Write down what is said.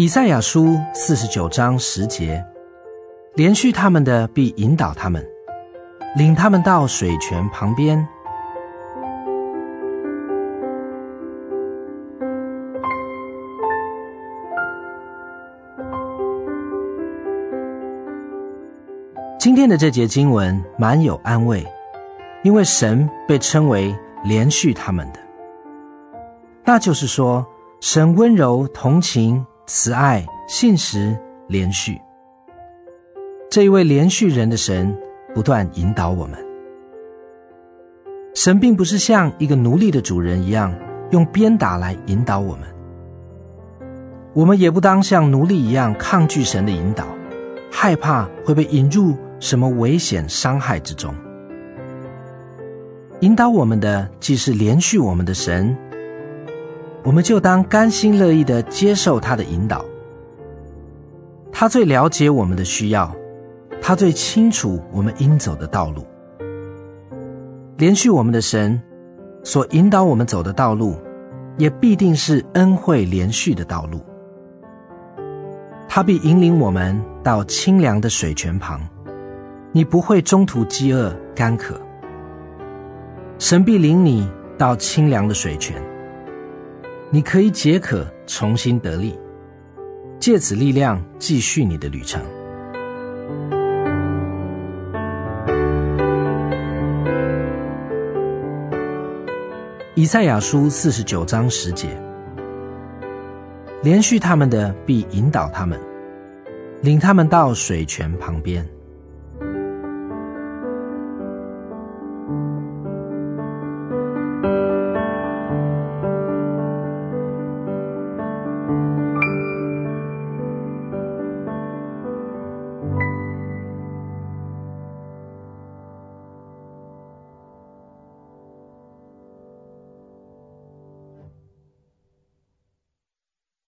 以賽亞書四十九章十節，憐恤他們的必引導他們，領他們到水泉旁邊。今天的這節經文滿有安慰，因為神被稱為憐恤他們的，那就是說，神溫柔同情。慈愛、信實、憐恤，這一位憐恤人的神不斷引導我們。神並不是像一個奴隸的主人一樣用鞭打來引導我們，我們也不當像奴隸一樣抗拒神的引導，害怕會被引入什麼危險傷害之中。引導我們的，既是憐恤我們的神。我們就當甘心樂意地接受他的引導。他最了解我們的需要，他最清楚我們應走的道路。連續我們的神所引導我們走的道路，也必定是恩惠連續的道路。他必引領我們到清涼的水泉旁，你不會中途飢餓乾渴。神必領你到清涼的水泉。你可以解渴，重新得力，借此力量繼續你的旅程。以賽亞書四十九章十節，憐恤他們的必引導他們，領他們到水泉旁邊。